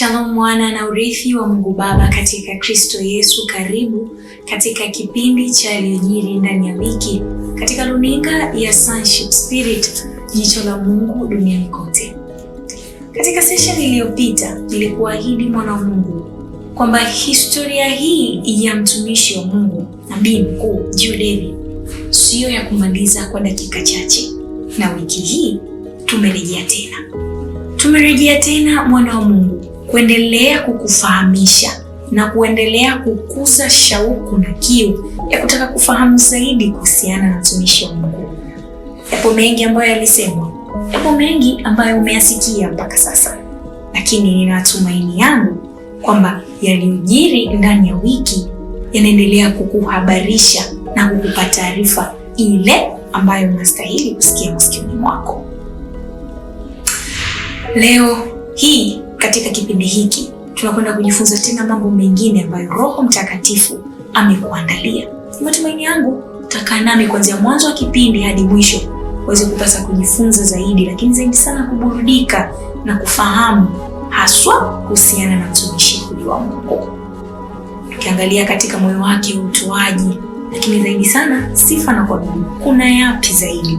Shalom mwana na urithi wa Mungu Baba katika Kristo Yesu. Karibu katika kipindi cha Yaliyojiri Ndani ya Wiki katika runinga ya Sonship Spirit, jicho la Mungu duniani kote. Katika session iliyopita, nilikuahidi mwana wa Mungu kwamba historia hii ya mtumishi wa Mungu nabii mkuu Juu David siyo ya kumaliza kwa dakika chache, na wiki hii tumerejea tena Tumerejea tena mwana wa Mungu kuendelea kukufahamisha na kuendelea kukuza shauku na kiu ya kutaka kufahamu zaidi kuhusiana na mtumishi wa Mungu. Yapo mengi ambayo yalisemwa, yapo mengi ambayo umeyasikia mpaka sasa, lakini nina tumaini yangu kwamba yaliyojiri ndani ya wiki yanaendelea kukuhabarisha na kukupa taarifa ile ambayo unastahili kusikia masikioni mwako. Leo hii katika kipindi hiki tunakwenda kujifunza tena mambo mengine ambayo Roho Mtakatifu amekuandalia. Matumaini yangu utakaa nami kuanzia mwanzo wa kipindi hadi mwisho uweze kupata kujifunza zaidi, lakini zaidi sana kuburudika na kufahamu haswa kuhusiana na mtumishi huyu wa Mungu, tukiangalia katika moyo wake utoaji, lakini zaidi sana sifa na kuabudu. Kuna yapi zaidi?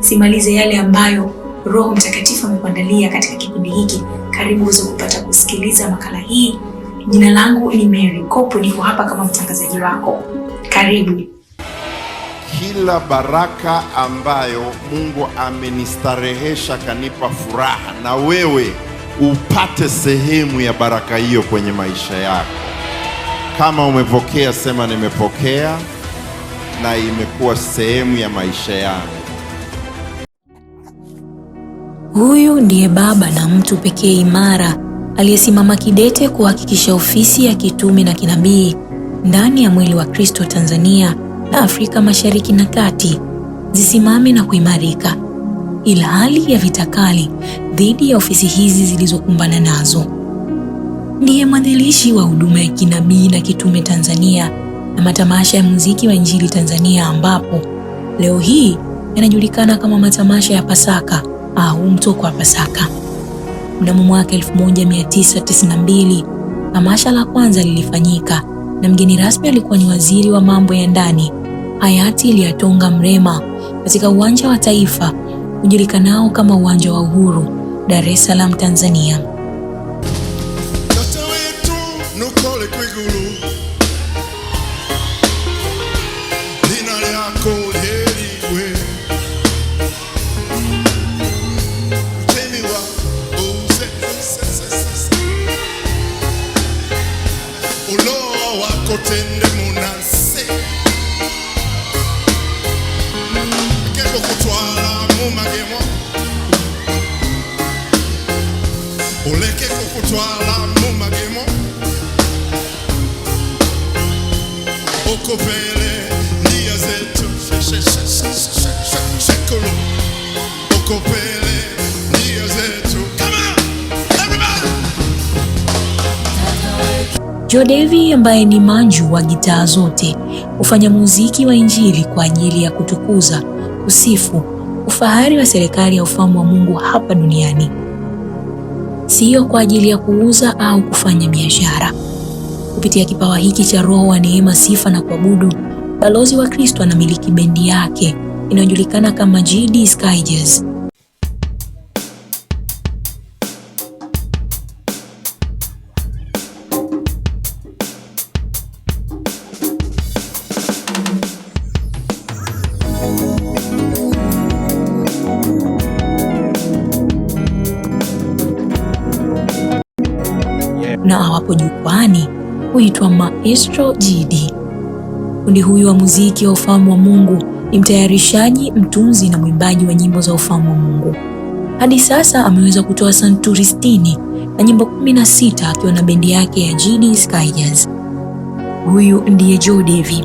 Simalize yale ambayo Roho Mtakatifu amekuandalia katika kipindi hiki. Karibu uweze kupata kusikiliza makala hii. Jina langu ni Mary Kopo, niko hapa kama mtangazaji wako. Karibu. Kila baraka ambayo Mungu amenistarehesha kanipa furaha, na wewe upate sehemu ya baraka hiyo kwenye maisha yako. Kama umepokea, sema nimepokea na imekuwa sehemu ya maisha yangu. Huyu ndiye baba na mtu pekee imara aliyesimama kidete kuhakikisha ofisi ya kitume na kinabii ndani ya mwili wa Kristo Tanzania na Afrika Mashariki na Kati zisimame na kuimarika, ilhali ya vita kali dhidi ya ofisi hizi zilizokumbana nazo. Ndiye mwanzilishi wa huduma ya kinabii na kitume Tanzania na matamasha ya muziki wa Injili Tanzania ambapo leo hii yanajulikana kama matamasha ya Pasaka au ah, mtoko wa Pasaka. Mnamo mwaka 1992 tamasha la kwanza lilifanyika na mgeni rasmi alikuwa ni waziri wa mambo ya ndani hayati Lyatonga Mrema katika uwanja wa Taifa ujulikanao kama uwanja wa Uhuru, Dar es Salaam, Tanzania. Jodevi ambaye ni manju wa gitaa zote hufanya muziki wa Injili kwa ajili ya kutukuza, kusifu ufahari wa serikali ya ufalme wa Mungu hapa duniani, siyo kwa ajili ya kuuza au kufanya biashara kupitia kipawa hiki cha Roho wa neema, sifa na kuabudu, balozi wa Kristo anamiliki bendi yake inayojulikana kama GD Sky na awapo jukwani huitwa Maestro Gidi. Kundi huyu wa muziki wa ufahamu wa Mungu ni mtayarishaji, mtunzi na mwimbaji wa nyimbo za ufahamu wa Mungu. Hadi sasa ameweza kutoa santuri 60 na nyimbo 16 akiwa na bendi yake ya Gidi Skyjazz. Huyu ndiye joe davi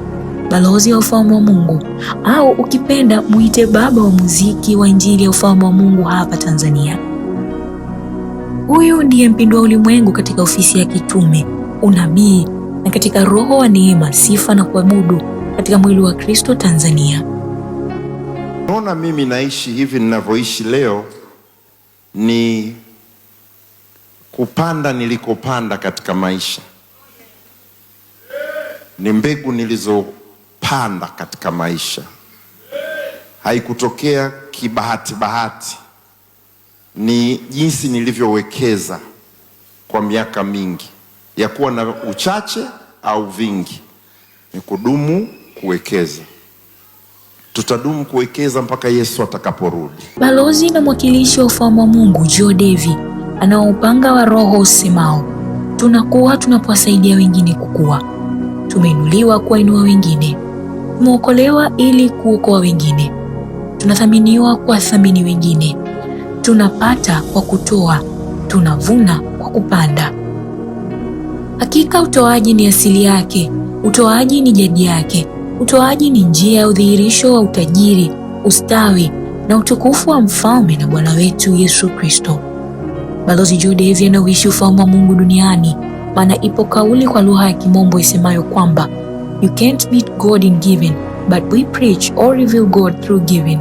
balozi wa ufahamu wa Mungu au ukipenda muite baba wa muziki wa injili ya ufahamu wa Mungu hapa Tanzania. Huyu ndiye mpindua ulimwengu katika ofisi ya kitume unabii na katika roho wa neema, sifa na kuabudu katika mwili wa Kristo Tanzania. Naona mimi naishi hivi ninavyoishi leo ni kupanda nilikopanda katika maisha, ni mbegu nilizopanda katika maisha, haikutokea kibahati bahati, ni jinsi nilivyowekeza kwa miaka mingi ya kuwa na uchache au vingi ni kudumu kuwekeza. Tutadumu kuwekeza mpaka Yesu atakaporudi. Balozi na mwakilishi wa ufalme wa Mungu Joe Devi anao upanga wa Roho usemao tunakuwa tunapowasaidia wengine kukua. Tumeinuliwa kuwainua wengine, tumeokolewa ili kuokoa wengine, tunathaminiwa kuwathamini wengine, tunapata kwa kutoa, tunavuna kwa kupanda. Hakika utoaji ni asili yake, utoaji ni jadi yake, utoaji ni njia ya udhihirisho wa utajiri, ustawi na utukufu wa mfalme na Bwana wetu Yesu Kristo. Balozi Jude Heavy anauishi ufalme wa Mungu duniani, maana ipo kauli kwa lugha ya Kimombo isemayo kwamba you can't meet God in giving but we preach or reveal God through giving.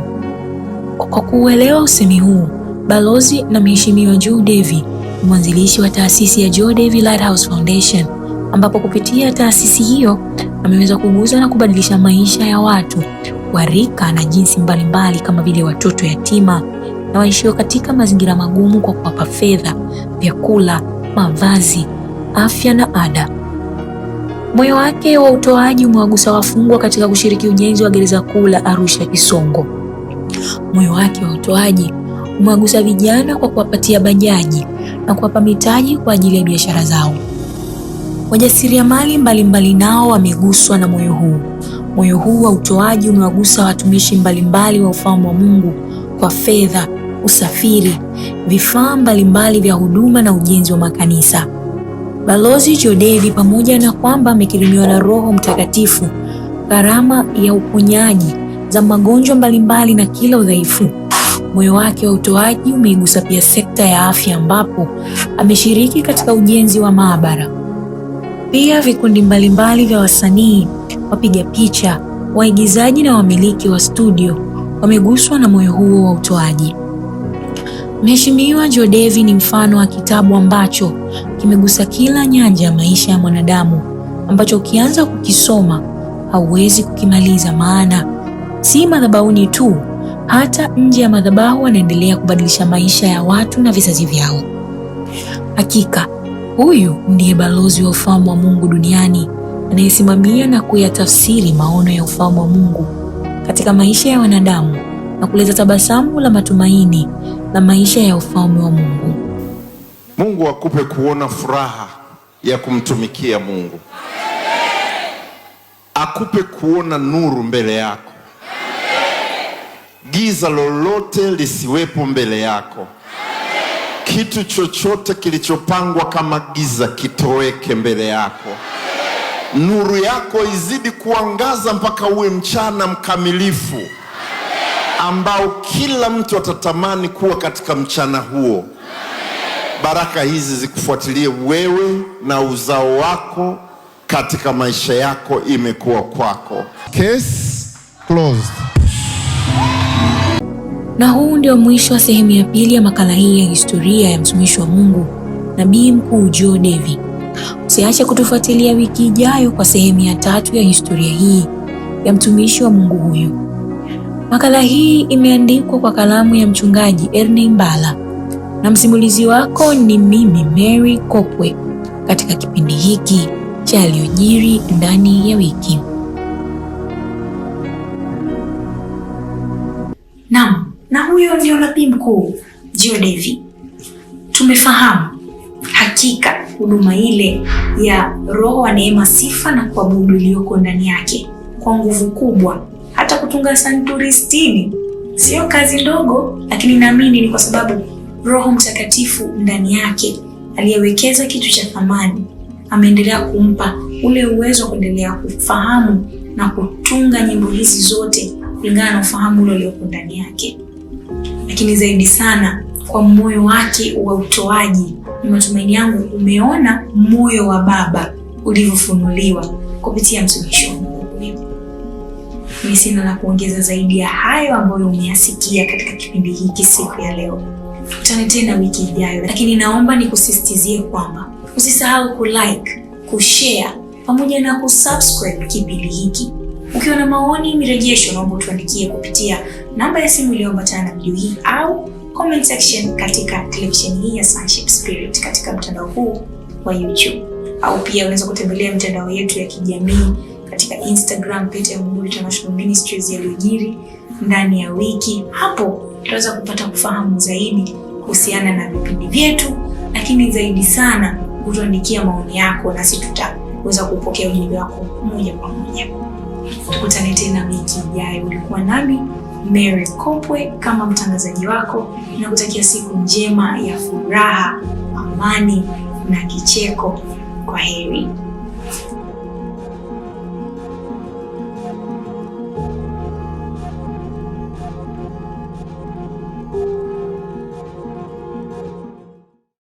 Kwa kuuelewa usemi huu, balozi na mheshimiwa Jude Heavy mwanzilishi wa taasisi ya Joe Davy Lighthouse Foundation, ambapo kupitia taasisi hiyo ameweza kugusa na kubadilisha maisha ya watu wa rika na jinsi mbalimbali mbali kama vile watoto yatima na waishio katika mazingira magumu kwa kuwapa fedha, vyakula, mavazi, afya na ada. Moyo wake wa utoaji umewagusa wafungwa katika kushiriki ujenzi wa gereza kuu la Arusha Kisongo. Moyo wake wa utoaji umewagusa vijana kwa kuwapatia bajaji na kuwapa mitaji kwa ajili ya biashara zao. Wajasiriamali mbalimbali nao wameguswa na moyo huu. Moyo huu wa utoaji umewagusa watumishi mbalimbali wa ufalme wa Mungu kwa fedha, usafiri, vifaa mbalimbali vya huduma na ujenzi wa makanisa. Balozi Jodevi, pamoja na kwamba amekirimiwa na Roho Mtakatifu gharama ya uponyaji za magonjwa mbalimbali na kila udhaifu, Moyo wake wa utoaji umeigusa pia sekta ya afya ambapo ameshiriki katika ujenzi wa maabara. Pia vikundi mbalimbali vya wasanii, wapiga picha, waigizaji na wamiliki wa studio wameguswa na moyo huo wa utoaji. Mheshimiwa Jodevi ni mfano wa kitabu ambacho kimegusa kila nyanja ya maisha ya mwanadamu, ambacho ukianza kukisoma hauwezi kukimaliza, maana si madhabahuni tu hata nje ya madhabahu anaendelea kubadilisha maisha ya watu na vizazi vyao. Hakika huyu ndiye balozi wa ufalme wa Mungu duniani anayesimamia na kuyatafsiri maono ya ufalme wa Mungu katika maisha ya wanadamu na kuleta tabasamu la matumaini na maisha ya ufalme wa Mungu. Mungu akupe kuona furaha ya kumtumikia Mungu, akupe kuona nuru mbele yako giza lolote lisiwepo mbele yako. Kitu chochote kilichopangwa kama giza kitoweke mbele yako. Nuru yako izidi kuangaza mpaka uwe mchana mkamilifu ambao kila mtu atatamani kuwa katika mchana huo. Baraka hizi zikufuatilie wewe na uzao wako katika maisha yako, imekuwa kwako. Case closed. Na huu ndio mwisho wa sehemu ya pili ya makala hii ya historia ya mtumishi wa Mungu nabii mkuu Joe devi Usiache kutufuatilia wiki ijayo kwa sehemu ya tatu ya historia hii ya mtumishi wa Mungu huyu. Makala hii imeandikwa kwa kalamu ya mchungaji Erney Mbala na msimulizi wako ni mimi Mary Kopwe katika kipindi hiki cha yaliyojiri ndani ya wiki. huyo ndio nabii mkuu Devi. Tumefahamu hakika huduma ile ya Roho wa neema, sifa na kuabudu iliyoko ndani yake kwa nguvu kubwa, hata kutunga santuri sitini sio kazi ndogo, lakini naamini ni kwa sababu Roho Mtakatifu ndani yake aliyewekeza kitu cha thamani ameendelea kumpa ule uwezo wa kuendelea kufahamu na kutunga nyimbo hizi zote kulingana na ufahamu ule ulioko ndani yake lakini zaidi sana kwa moyo wake wa utoaji. Ni matumaini yangu umeona moyo wa Baba ulivyofunuliwa kupitia mtumishi ni sina la kuongeza zaidi ya hayo ambayo umeyasikia katika kipindi hiki siku ya leo. Tutane tena wiki ijayo, lakini naomba nikusisitizie kwamba usisahau kulike, kushare pamoja na kusubscribe kipindi hiki. Ukiwa na maoni, mirejesho, naomba tuandikie kupitia namba ya simu iliyoambatana na video hii au comment section katika televisheni hii ya Sonship Spirit katika mtandao huu wa YouTube, au pia unaweza kutembelea mitandao yetu ya kijamii katika Instagram page ya Mungu International Ministries yaliyojiri ndani ya wiki. Hapo utaweza kupata kufahamu zaidi kuhusiana na vipindi vyetu, lakini zaidi sana utuandikia maoni yako, nasi tutaweza kupokea ujumbe wako moja kwa moja. Tukutane tena wiki ijayo. Ulikuwa nami Mary Kopwe kama mtangazaji wako na kutakia siku njema ya furaha, amani na kicheko. Kwa heri.